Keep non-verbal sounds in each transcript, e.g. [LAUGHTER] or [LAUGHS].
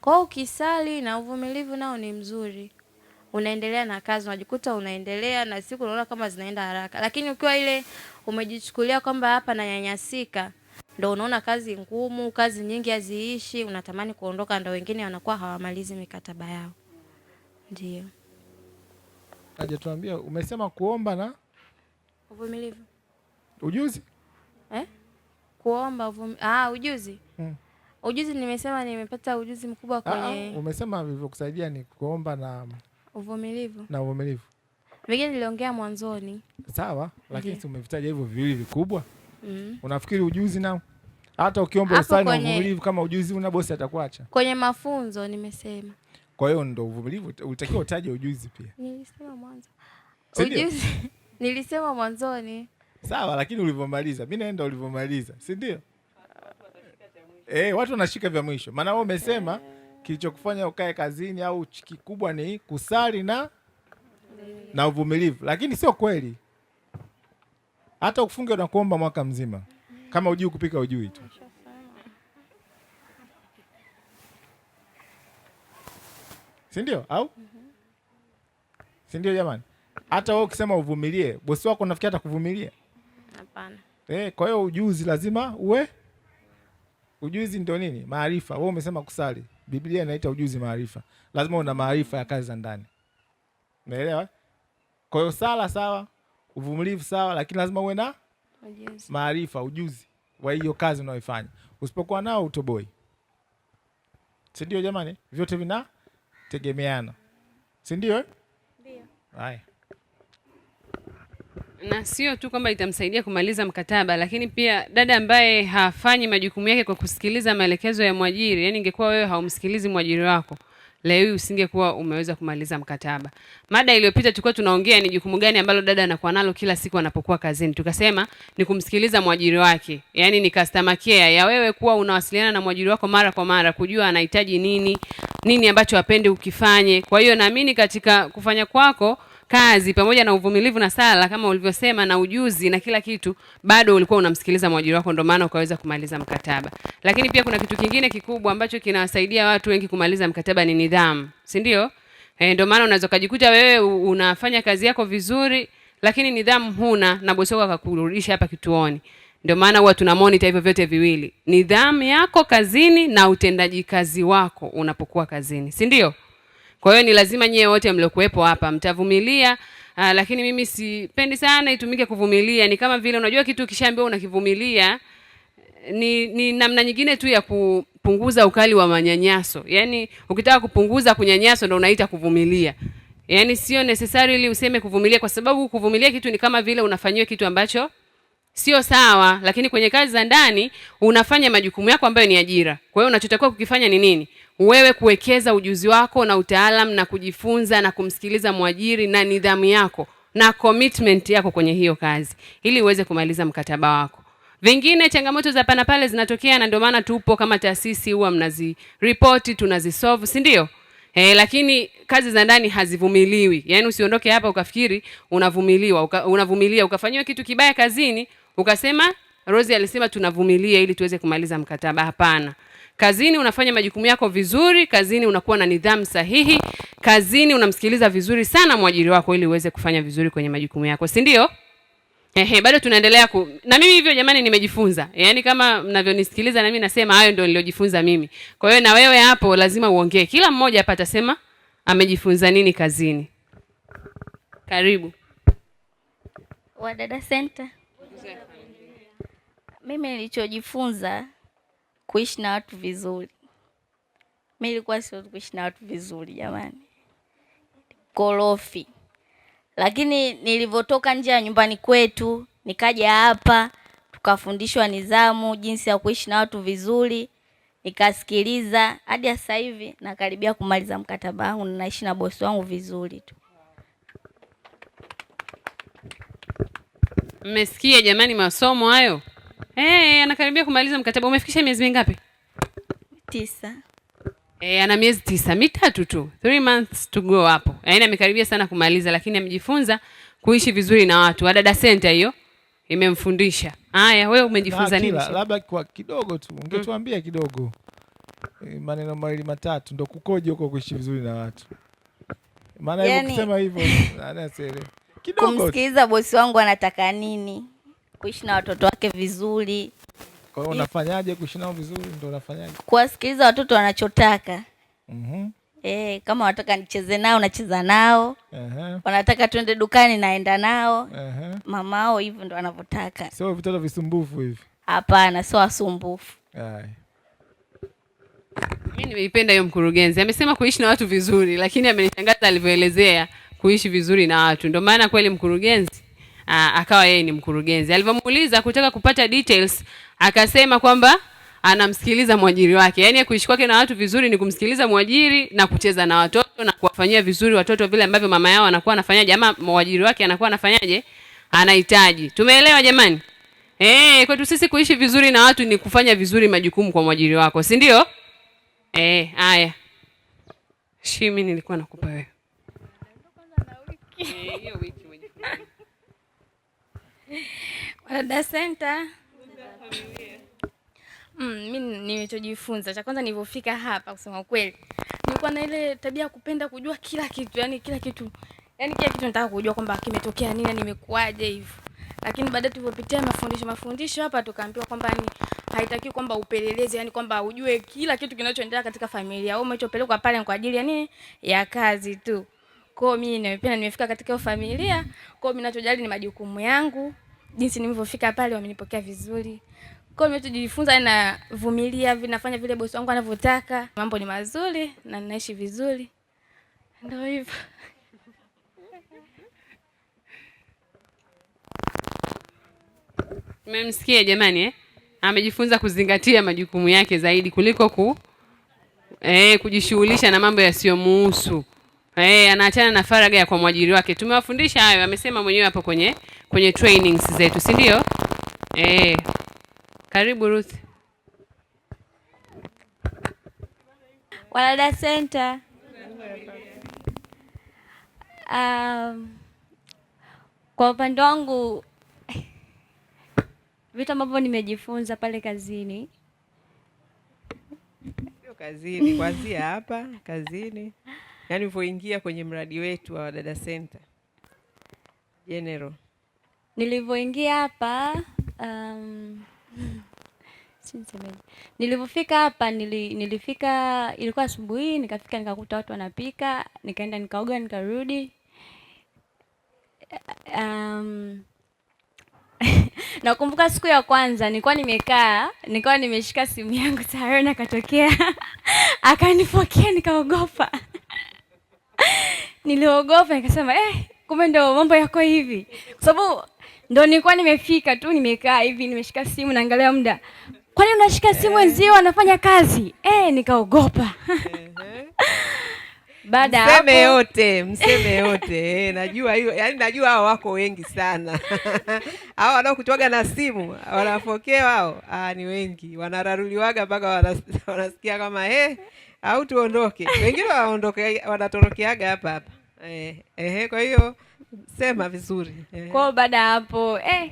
Kwa hiyo ukisali na uvumilivu nao ni mzuri, unaendelea na kazi, unajikuta unaendelea na siku, unaona kama zinaenda haraka. Lakini ukiwa ile umejichukulia kwamba hapa nanyanyasika, ndo unaona kazi ngumu, kazi nyingi haziishi, unatamani kuondoka, ndo wengine wanakuwa hawamalizi mikataba yao. Ndio tuambie, umesema kuomba na uvumilivu, ujuzi eh? kuomba uvum... ah, ujuzi hmm. Ujuzi nimesema nimepata ujuzi mkubwa ah, ah, kwenye. Umesema vilivyokusaidia ni kuomba na uvumilivu na uvumilivu, vingine niliongea mwanzoni. Sawa, lakini si umevitaja hivyo viwili vikubwa. Mm. Unafikiri ujuzi nao hata ukiomba usali kwenye... uvumilivu, kama ujuzi una bosi atakuacha kwenye mafunzo. Nimesema kwa hiyo ndo uvumilivu, ulitakiwa utaje ujuzi pia. Nilisema mwanzo ujuzi [LAUGHS] nilisema mwanzoni, sawa, lakini ulivyomaliza mi naenda ulivyomaliza, si ndio? eh, watu wanashika vya mwisho, maana wewe umesema Kilichokufanya ukae kazini au kikubwa ni kusali na na uvumilivu, lakini sio kweli. Hata ufunge na kuomba mwaka mzima, kama ujui kupika ujui tu. Si ndio? Au si ndio? Jamani, hata wewe ukisema uvumilie, bosi wako nafikiri hatakuvumilia. Hapana. Eh, kwa hiyo ujuzi lazima uwe Ujuzi ndio nini? Maarifa. Wewe umesema kusali, Biblia inaita ujuzi maarifa. Lazima una maarifa ya kazi za ndani, umeelewa? Kwa hiyo sala sawa, uvumilivu sawa, lakini lazima uwe na maarifa, ujuzi wa hiyo kazi unaoifanya. Usipokuwa nao utoboi, sindio Jamani, vyote vinategemeana, sindio? ndio? Haya na sio tu kwamba itamsaidia kumaliza mkataba, lakini pia dada ambaye hafanyi majukumu yake kwa kusikiliza maelekezo ya mwajiri, yani ingekuwa wewe haumsikilizi mwajiri wako leo hii usingekuwa umeweza kumaliza mkataba. Mada iliyopita tulikuwa tunaongea ni jukumu gani ambalo dada anakuwa nalo kila siku anapokuwa kazini. Tukasema ni kumsikiliza mwajiri wake, yani ni customer care ya wewe kuwa unawasiliana na mwajiri wako mara kwa mara, kujua anahitaji nini, nini ambacho apende ukifanye. Kwa hiyo naamini katika kufanya kwako kazi pamoja na uvumilivu na sala kama ulivyosema na ujuzi na kila kitu, bado ulikuwa unamsikiliza mwajiri wako, ndio maana ukaweza kumaliza mkataba. Lakini pia kuna kitu kingine kikubwa ambacho kinawasaidia watu wengi kumaliza mkataba ni nidhamu, si ndio? E, ndio maana unaweza ukajikuta wewe unafanya kazi yako vizuri, lakini nidhamu huna na bosi wako akakurudisha hapa kituoni. Ndio maana huwa tuna monitor hivyo vyote viwili, nidhamu yako kazini na utendaji kazi wako unapokuwa kazini, si ndio? Kwa hiyo ni lazima nyie wote mliokuwepo hapa mtavumilia. Uh, lakini mimi sipendi sana itumike kuvumilia. Ni kama vile unajua kitu kishaambiwa unakivumilia ni, ni namna nyingine tu ya kupunguza ukali wa manyanyaso. Yaani ukitaka kupunguza kunyanyaso ndio unaita kuvumilia. Yaani sio necessary ili useme kuvumilia kwa sababu kuvumilia kitu ni kama vile unafanyiwa kitu ambacho sio sawa, lakini kwenye kazi za ndani unafanya majukumu yako ambayo ni ajira. Kwa hiyo unachotakiwa kukifanya ni nini? wewe kuwekeza ujuzi wako na utaalam na kujifunza na kumsikiliza mwajiri na nidhamu yako na commitment yako kwenye hiyo kazi ili uweze kumaliza mkataba wako. Vingine changamoto za pana pale zinatokea, na ndio maana tupo kama taasisi huwa mnaziripoti, tunazisolve, si ndio? Eh, lakini kazi za ndani hazivumiliwi. Yaani usiondoke hapa ukafikiri unavumiliwa, uka, unavumilia ukafanyiwa kitu kibaya kazini ukasema Rosie alisema tunavumilia ili tuweze kumaliza mkataba. Hapana. Kazini unafanya majukumu yako vizuri, kazini unakuwa na nidhamu sahihi, kazini unamsikiliza vizuri sana mwajiri wako ili uweze kufanya vizuri kwenye majukumu yako, si ndio? Ehe, bado tunaendelea ku... na mimi hivyo jamani, nimejifunza. Yaani kama mnavyonisikiliza na mimi nasema hayo ndio niliojifunza mimi. Kwa hiyo na wewe hapo lazima uongee. Kila mmoja hapa atasema amejifunza nini kazini. Karibu. Wadada Center. Mimi nilichojifunza kuishi na watu vizuri. Mi nilikuwa siwezi kuishi na watu vizuri jamani, korofi. Lakini nilivyotoka nje ya nyumbani kwetu nikaja hapa, tukafundishwa nidhamu, jinsi ya kuishi na watu vizuri, nikasikiliza. Hadi sasa hivi nakaribia kumaliza mkataba wangu, naishi na bosi wangu vizuri tu. Mmesikia jamani, masomo hayo hey, eh, eh, anakaribia kumaliza mkataba. Umefikisha miezi mingapi? Tisa. Hey, eh, ana miezi tisa, mitatu tu, three months to go hapo. Yaani amekaribia sana kumaliza, lakini amejifunza kuishi vizuri na watu. Wadada Center hiyo imemfundisha haya. Wewe umejifunza nini? Labda kwa kidogo tu ungetuambia mm, kidogo maneno mawili matatu, ndo kukoje huko kuishi vizuri na watu? Maana yani, kusema hivyo [LAUGHS] kidogo, kumsikiliza bosi wangu anataka nini kuishi na watoto wake vizuri. Kwa hiyo unafanyaje kuishi nao vizuri? Ndio unafanyaje? Kuwasikiliza watoto wanachotaka. mm-hmm. E, kama wanataka nicheze nao nacheza nao. uh -huh. Wanataka twende dukani naenda nao. uh -huh. Mamao hivyo ndo wanavyotaka. Sio vitoto visumbufu hivi? Hapana, sio wasumbufu. Mimi nimeipenda hiyo. Mkurugenzi amesema kuishi na watu vizuri, lakini amenishangaza alivyoelezea kuishi vizuri na watu. Ndio maana kweli mkurugenzi uh, akawa yeye ni mkurugenzi. Alivyomuuliza kutaka kupata details, akasema kwamba anamsikiliza mwajiri wake. Yaani kuishi kwake na watu vizuri ni kumsikiliza mwajiri na kucheza na watoto na kuwafanyia vizuri watoto vile ambavyo mama yao anakuwa anafanyaje ama mwajiri wake anakuwa anafanyaje? Anahitaji. Tumeelewa jamani? Eh, kwetu sisi kuishi vizuri na watu ni kufanya vizuri majukumu kwa mwajiri wako, si ndio? Eh, haya. Shimi nilikuwa nakupa wewe. Wadada Center. Mm, mi nimechojifunza cha kwanza nilivyofika hapa, kusema ukweli, nilikuwa na ile tabia ya kupenda kujua kila kitu, yani kila kitu, yani kila kitu nataka kujua kwamba kimetokea nini, nimekuaje hivyo. Lakini baadaye tulipopitia mafundisho mafundisho hapa, tukaambiwa kwamba ni yaani haitaki kwamba upelelezi, yani kwamba ujue kila kitu kinachoendelea katika familia. Wewe umechopelekwa pale kwa ajili ya nini? Ya kazi tu. Kwa hiyo mimi nimependa nimefika katika familia, kwa hiyo mimi ninachojali ni majukumu yangu jinsi nilivyofika pale wamenipokea vizuri. Kwa hiyo tujifunza na vumilia, vinafanya vile bosi wangu anavyotaka. Mambo ni mazuri na ninaishi vizuri. Ndio hivyo. [LAUGHS] Mmemsikia jamani eh? Amejifunza kuzingatia majukumu yake zaidi kuliko ku eh, kujishughulisha na mambo yasiyomuhusu. Eh, anaachana na faraga ya kwa mwajiri wake. Tumewafundisha hayo, amesema mwenyewe hapo kwenye kwenye trainings zetu, si ndio? Eh, karibu Ruth. Walada Center. Um, kwa upande wangu vitu ambavyo nimejifunza pale kazini kazini kuanzia hapa kazini, yaani ulivyoingia kwenye mradi wetu wa Wadada Center General Nilivyoingia hapa um, [LAUGHS] nilivyofika hapa nili, nilifika ilikuwa asubuhi, nikafika nikakuta watu wanapika, nikaenda nikaoga, nikarudi um, [LAUGHS] nakumbuka siku ya kwanza nilikuwa nimekaa, nilikuwa nimeshika simu yangu, tayari, akatokea [LAUGHS] akanifokia nikaogopa niliogopa, nikasema eh, kumbe ndo mambo yako hivi, kwa sababu ndo nilikuwa nimefika tu, nimekaa hivi, nimeshika simu, naangalia muda, kwani unashika simu wenzio eh. wanafanya kazi eh, nikaogopa [LAUGHS] Baada mseme yote mseme yote, eh, najua hiyo yani, najua hao wako wengi sana [LAUGHS] hao wanaokutwaga na simu wanapokea wao, ah, ni wengi wanararuliwaga mpaka wanasikia kama eh, au tuondoke. Wengine waondoke wanatorokeaga hapa hapa eh, kwa hiyo sema vizuri eh. Kwao baada ya hapo eh,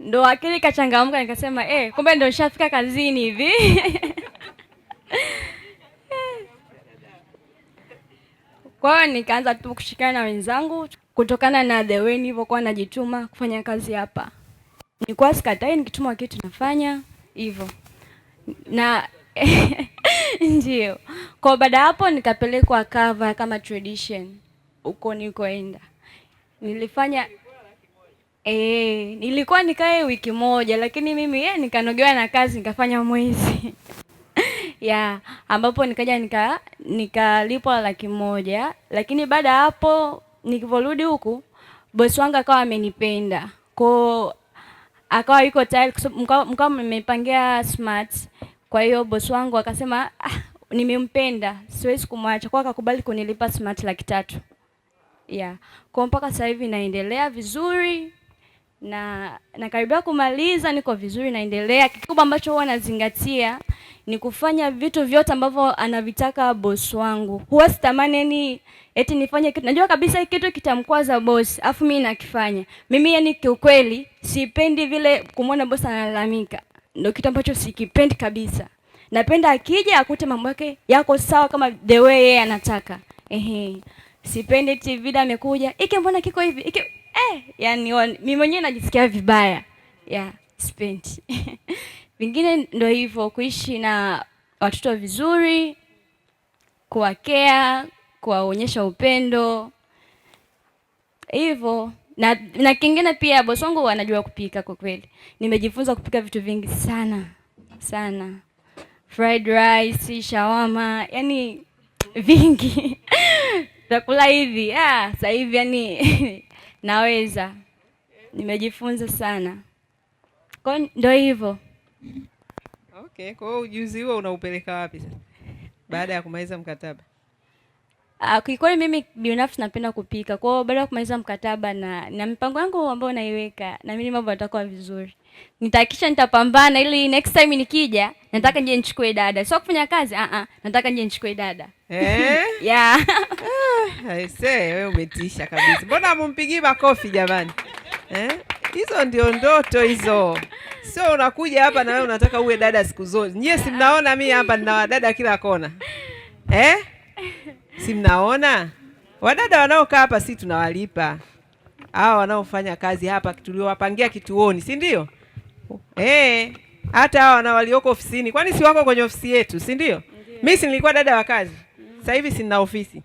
ndo akili kachangamka nikasema eh, kumbe ndo nishafika kazini hivi [LAUGHS] Kwa hiyo nikaanza tu kushikana na wenzangu kutokana na the way nilivyokuwa najituma kufanya kazi hapa. Nilikuwa sikatai nikituma kitu nafanya hivyo. Na [LAUGHS] ndio. Kwa baada hapo nikapelekwa cover kama tradition uko nikoenda nilifanya eh, nilikuwa nikae wiki moja, lakini mimi ye, eh, nikanogewa na kazi nikafanya mwezi [LAUGHS] ya ambapo nikaja nika nikalipwa laki moja, lakini baada ya hapo nikivorudi huku bosi wangu akawa amenipenda ko akawa yuko tayari, mkawa mmepangia smart. Kwa hiyo bosi wangu akasema, ah, nimempenda siwezi kumwacha, kwa akakubali kunilipa smart laki tatu yeah. Kwa mpaka sasa hivi naendelea vizuri na nakaribia kumaliza, niko vizuri, naendelea. Kikubwa ambacho huwa nazingatia ni kufanya vitu vyote ambavyo anavitaka bosi wangu. Huwa sitamani yani eti nifanye kitu najua kabisa kitu kitamkwaza bosi, afu mimi nakifanya mimi. Yani kiukweli, sipendi vile kumwona bosi analalamika, ndio kitu ambacho sikipendi kabisa. Napenda akija akute mambo yake yako sawa kama the way yeye anataka, ehe sipendi da amekuja, ike, mbona kiko hivi ike eh, yani mimi mwenyewe najisikia vibaya yeah, sipendi [LAUGHS] vingine ndio hivyo, kuishi na watoto vizuri, kuwakea, kuwaonyesha upendo hivyo na, na kingine pia bosi wangu wanajua kupika. Kwa kweli nimejifunza kupika vitu vingi sana sana, fried rice, shawama, yani vingi [LAUGHS] vyakula hivi ah, sasa hivi yani [LAUGHS] naweza, nimejifunza sana, kwa ndio hivyo. Okay, kwa ujuzi huo unaupeleka wapi sasa baada ya kumaliza mkataba? Ah, kwa mimi binafsi napenda kupika, kwa hiyo baada ya kumaliza mkataba na na mipango yangu ambayo naiweka, mimi mambo yatakuwa vizuri nitahakisha nitapambana ili next time nikija nataka nje nichukue dada, sio kufanya kazi uh -uh. nataka nje nichukue dada eh? [LAUGHS] yeah. Aisee, ah, umetisha kabisa. Mbona mumpigii makofi jamani eh? Hizo ndio ndoto hizo, sio unakuja hapa na wewe unataka uwe dada siku zote. Nyie si mnaona mimi hapa nina wadada kila kona eh? si mnaona wadada wanaokaa hapa, si tunawalipa hawa wanaofanya kazi hapa tuliowapangia kituoni, si ndio? hapo eh, hata hawa na walioko ofisini, kwani si wako kwenye ofisi yetu, si ndio? Mimi si nilikuwa dada wa kazi, mm. sasa hivi sina ofisi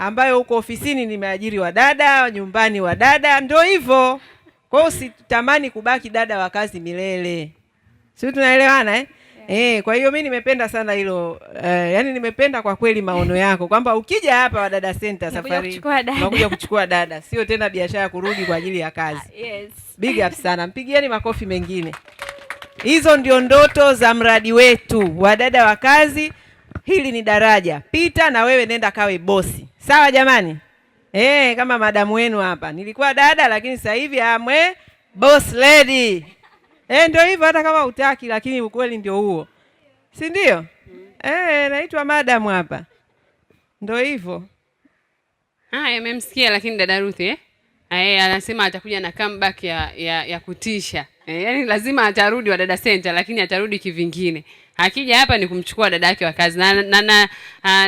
ambayo huko ofisini nimeajiri wadada, nyumbani wadada, ndio hivyo. Kwa hiyo usitamani kubaki dada wa kazi milele, si tunaelewana eh? Eh, kwa hiyo mi nimependa sana hilo eh, yani nimependa kwa kweli maono yako kwamba ukija hapa Wadada Center safari unakuja kuchukua dada, sio tena biashara ya kurudi kwa ajili ya kazi. Ah, yes. Big up sana, mpigieni makofi mengine. Hizo ndio ndoto za mradi wetu Wadada wa Kazi. Hili ni daraja pita, na wewe nenda kawe bosi, sawa jamani? Eh, kama madamu wenu hapa, nilikuwa dada lakini sasa hivi amwe boss lady. Eh, ndio hivyo hata kama utaki lakini ukweli ndio huo. Si ndio? Mm-hmm. Eh, naitwa madam hapa. Ndio hivyo. Ah, mmemsikia lakini dada Ruth eh? Ae, ah, eh, anasema atakuja na comeback ya, ya, ya kutisha. Eh, yani lazima atarudi wa dada Center lakini atarudi kivingine. Akija hapa ni kumchukua dada yake wa kazi. Na nadhani na, na,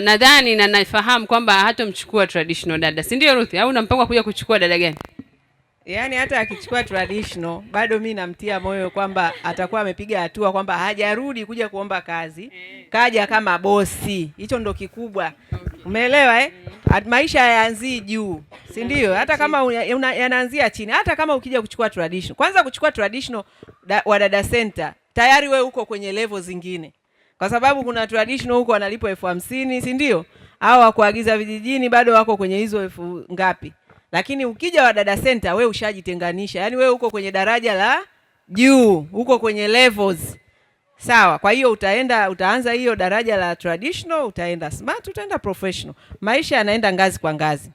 na, ah, na nafahamu kwamba hatomchukua traditional dada. Si ndio Ruth? Au una mpango kuja kuchukua dada gani? Yaani hata akichukua traditional bado mi namtia moyo kwamba atakuwa amepiga hatua, kwamba hajarudi kuja kuomba kazi, kaja kama bosi. Hicho ndo kikubwa, umeelewa eh? Maisha hayaanzii juu, si ndio? Hata kama yanaanzia chini, hata kama ukija kuchukua traditional. Kwanza kuchukua traditional da, wa dada center tayari we uko kwenye levo zingine, kwa sababu kuna traditional huko wanalipwa elfu hamsini si ndio? Au wakuagiza vijijini bado wako kwenye hizo elfu ngapi lakini ukija Wadada Center we ushajitenganisha, yaani we uko kwenye daraja la juu, uko kwenye levels sawa. Kwa hiyo utaenda, utaanza hiyo daraja la traditional, utaenda smart, utaenda professional. Maisha yanaenda ngazi kwa ngazi.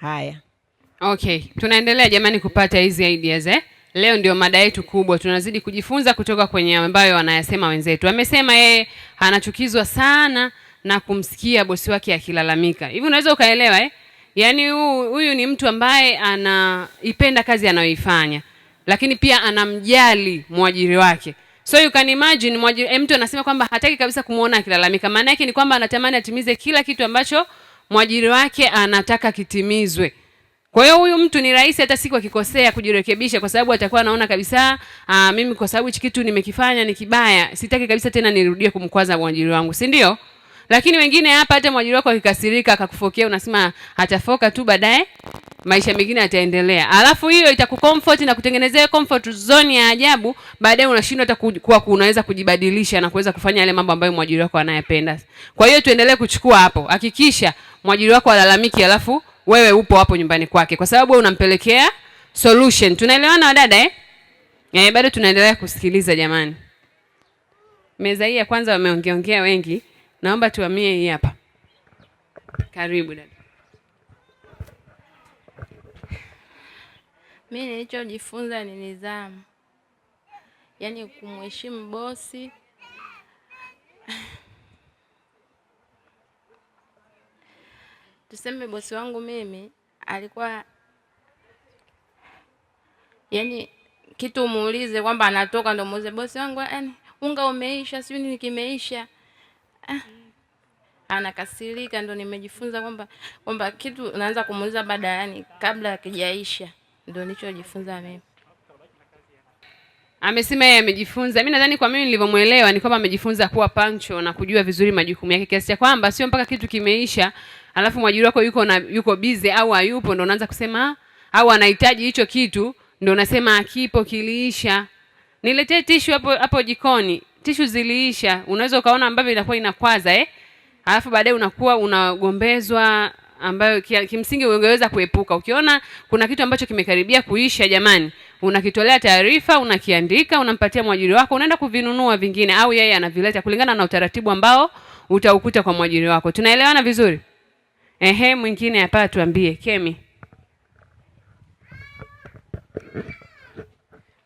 Haya, okay, tunaendelea jamani kupata hizi ideas eh? Leo ndio mada yetu kubwa, tunazidi kujifunza kutoka kwenye ambayo wanayasema wenzetu. Amesema yeye anachukizwa sana na kumsikia bosi wake akilalamika hivi, unaweza ukaelewa eh? yaani huyu ni mtu ambaye anaipenda kazi anayoifanya, lakini pia anamjali mwajiri wake. So you can imagine mwajiri, eh, mtu anasema kwamba hataki kabisa kumwona akilalamika. Maana yake ni kwamba anatamani atimize kila kitu ambacho mwajiri wake anataka kitimizwe. Kwa hiyo huyu mtu ni rahisi hata siku akikosea kujirekebisha, kwa sababu atakuwa anaona kabisa aa, ah, mimi kwa sababu hichi kitu nimekifanya ni kibaya, sitaki kabisa tena nirudie kumkwaza mwajiri wangu, si ndio? Lakini wengine hapa hata mwajiri wako akikasirika akakufokea unasema atafoka tu baadaye maisha mengine yataendelea. Alafu hiyo itakucomfort na kutengenezea comfort zone ya ajabu, baadaye unashindwa hata kuwa unaweza kujibadilisha na kuweza kufanya yale mambo ambayo mwajiri wako anayependa. Kwa hiyo tuendelee kuchukua hapo. Hakikisha mwajiri wako alalamiki, alafu wewe upo hapo nyumbani kwake kwa sababu unampelekea solution. Tunaelewana wadada eh? Eh, bado tunaendelea kusikiliza jamani. Meza hii ya kwanza wameongeongea wengi. Naomba tuhamie hii hapa. Karibu dada. Mimi nilichojifunza ni nidhamu, yaani kumheshimu bosi Tuseme bosi wangu mimi alikuwa yani, kitu muulize kwamba anatoka ndo muulize bosi wangu, yani unga umeisha, sijui nini kimeisha. Eh. anakasirika. Ndo nimejifunza kwamba kwamba kitu naanza kumuuliza baada, yani kabla akijaisha, ndo nilichojifunza mimi. Amesema yeye amejifunza. Mimi nadhani kwa mimi nilivyomwelewa ni kwamba amejifunza kuwa pancho na kujua vizuri majukumu yake kiasi cha kwamba sio mpaka kitu kimeisha, alafu mwajiri wako yuko na yuko bize au hayupo, ndo unaanza kusema au anahitaji hicho kitu, ndo unasema akipo kiliisha, niletee tishu hapo hapo jikoni tishu ziliisha. Unaweza ukaona ambavyo inakuwa inakwaza eh, alafu baadaye unakuwa unagombezwa ambayo kimsingi ungeweza kuepuka. Ukiona kuna kitu ambacho kimekaribia kuisha, jamani, unakitolea taarifa, unakiandika, unampatia mwajiri wako, unaenda kuvinunua vingine, au yeye anavileta kulingana na utaratibu ambao utaukuta kwa mwajiri wako. Tunaelewana vizuri? Ehe, mwingine hapa tuambie, Kemi.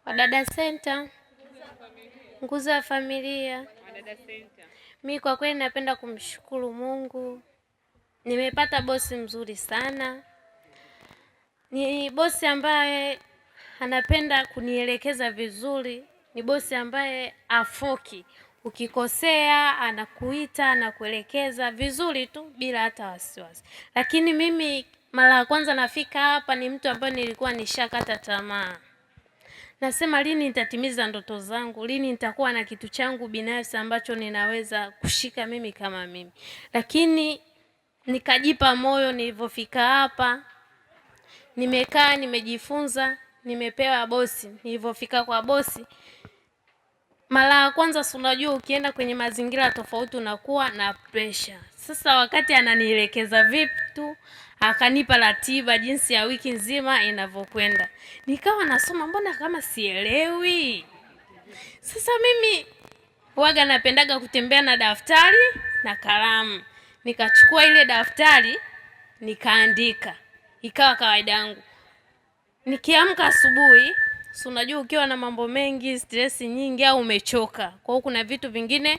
Wadada Center Nguzo ya Familia. Mi kwa kweli napenda kumshukuru Mungu, nimepata bosi mzuri sana. Ni bosi ambaye anapenda kunielekeza vizuri, ni bosi ambaye afoki, ukikosea anakuita, anakuelekeza vizuri tu bila hata wasiwasi. Lakini mimi mara ya kwanza nafika hapa, ni mtu ambaye nilikuwa nishakata tamaa nasema lini nitatimiza ndoto zangu, lini nitakuwa na kitu changu binafsi ambacho ninaweza kushika mimi kama mimi. Lakini nikajipa moyo, nilivyofika hapa nimekaa, nimejifunza, nimepewa bosi. Nilivyofika kwa bosi mara ya kwanza, si unajua, ukienda kwenye mazingira tofauti unakuwa na pressure. Sasa wakati ananielekeza vitu akanipa ratiba jinsi ya wiki nzima inavyokwenda. Nikawa nasoma, mbona kama sielewi. Sasa mimi waga napendaga kutembea na daftari na kalamu, nikachukua ile daftari nikaandika, ikawa kawaida yangu. Nikiamka asubuhi, si unajua, ukiwa na mambo mengi, stress nyingi, au umechoka, kwa hiyo kuna vitu vingine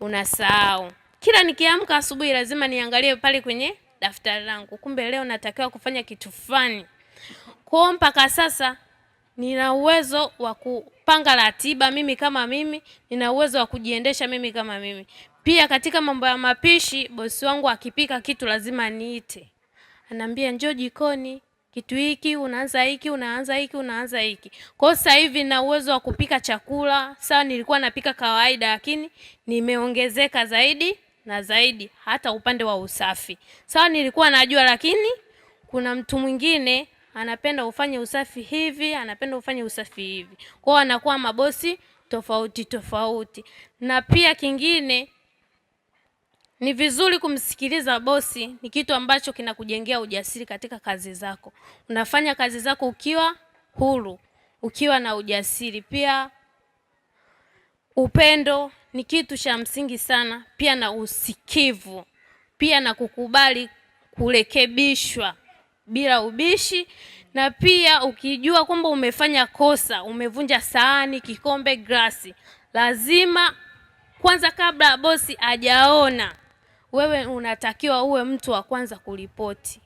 unasahau. Kila nikiamka asubuhi, lazima niangalie pale kwenye daftari langu, kumbe leo natakiwa kufanya kitu fulani. Kwa mpaka sasa nina uwezo wa kupanga ratiba mimi kama mimi, nina uwezo wa kujiendesha mimi kama mimi. Pia katika mambo ya mapishi, bosi wangu akipika kitu lazima niite, anaambia njoo jikoni, kitu hiki unaanza hiki unaanza hiki unaanza hiki. Kwa sasa hivi na uwezo wa kupika chakula sawa, nilikuwa napika kawaida, lakini nimeongezeka zaidi na zaidi hata upande wa usafi. Sawa, nilikuwa najua, lakini kuna mtu mwingine anapenda ufanye usafi hivi, anapenda ufanye usafi hivi. Kwa hiyo anakuwa mabosi tofauti tofauti. Na pia kingine ni vizuri kumsikiliza bosi, ni kitu ambacho kinakujengea ujasiri katika kazi zako. Unafanya kazi zako ukiwa huru, ukiwa na ujasiri. Pia Upendo ni kitu cha msingi sana, pia na usikivu, pia na kukubali kurekebishwa bila ubishi, na pia ukijua kwamba umefanya kosa, umevunja sahani, kikombe, glasi, lazima kwanza, kabla bosi ajaona, wewe unatakiwa uwe mtu wa kwanza kuripoti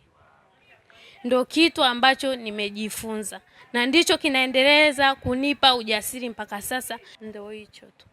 ndo kitu ambacho nimejifunza na ndicho kinaendeleza kunipa ujasiri mpaka sasa, ndo hicho tu.